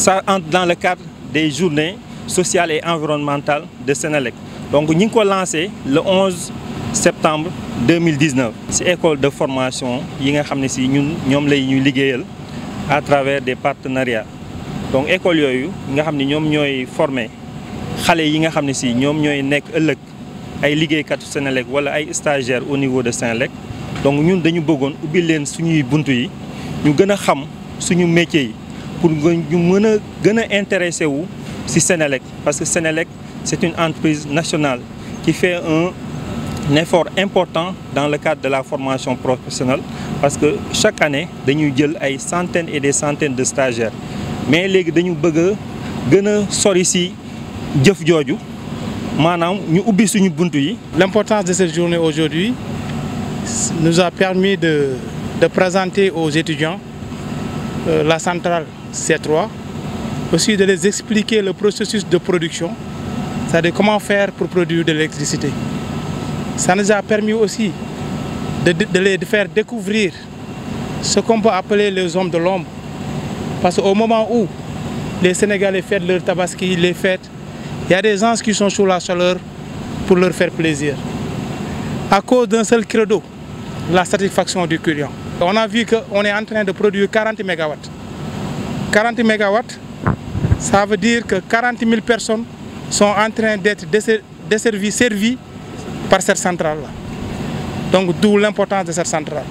Ça entre dans le cadre des journées sociales et environnementales de Sénélec. Donc nous avons lancé le 11 septembre 2019 C'est école de formation qui nga xam à travers des partenariats donc école nous nga xam ne ñoom formé yi Sénélec ou ay stagiaires au niveau de Sénélec donc ñun dañu bëggoon ubbi faire des bunt Nous ñu gën des xam suñu métier yi pour nous intéresser sur Sénélec parce que Sénélec c'est une entreprise nationale qui fait un effort important dans le cadre de la formation professionnelle parce que chaque année nous avons des centaines et des centaines de stagiaires mais nous avons bëgg sortir L'importance de cette journée aujourd'hui nous a permis de présenter aux étudiants euh, la centrale c trois, aussi de les expliquer le processus de production, c'est-à-dire comment faire pour produire de l'électricité. Ça nous a permis aussi de, les faire découvrir ce qu'on peut appeler les hommes de l'homme. Parce qu'au moment où les Sénégalais fêtent leur tabaski, les fêtes, il y a des gens qui sont sous la chaleur pour leur faire plaisir. À cause d'un seul credo, la satisfaction du client. On a vu qu'on est en train de produire 40 MW. 40 mégawatts, ça veut dire que 40 000 personnes sont en train d'être desservies, servies par cette centrale-là. Donc d'où l'importance de cette centrale.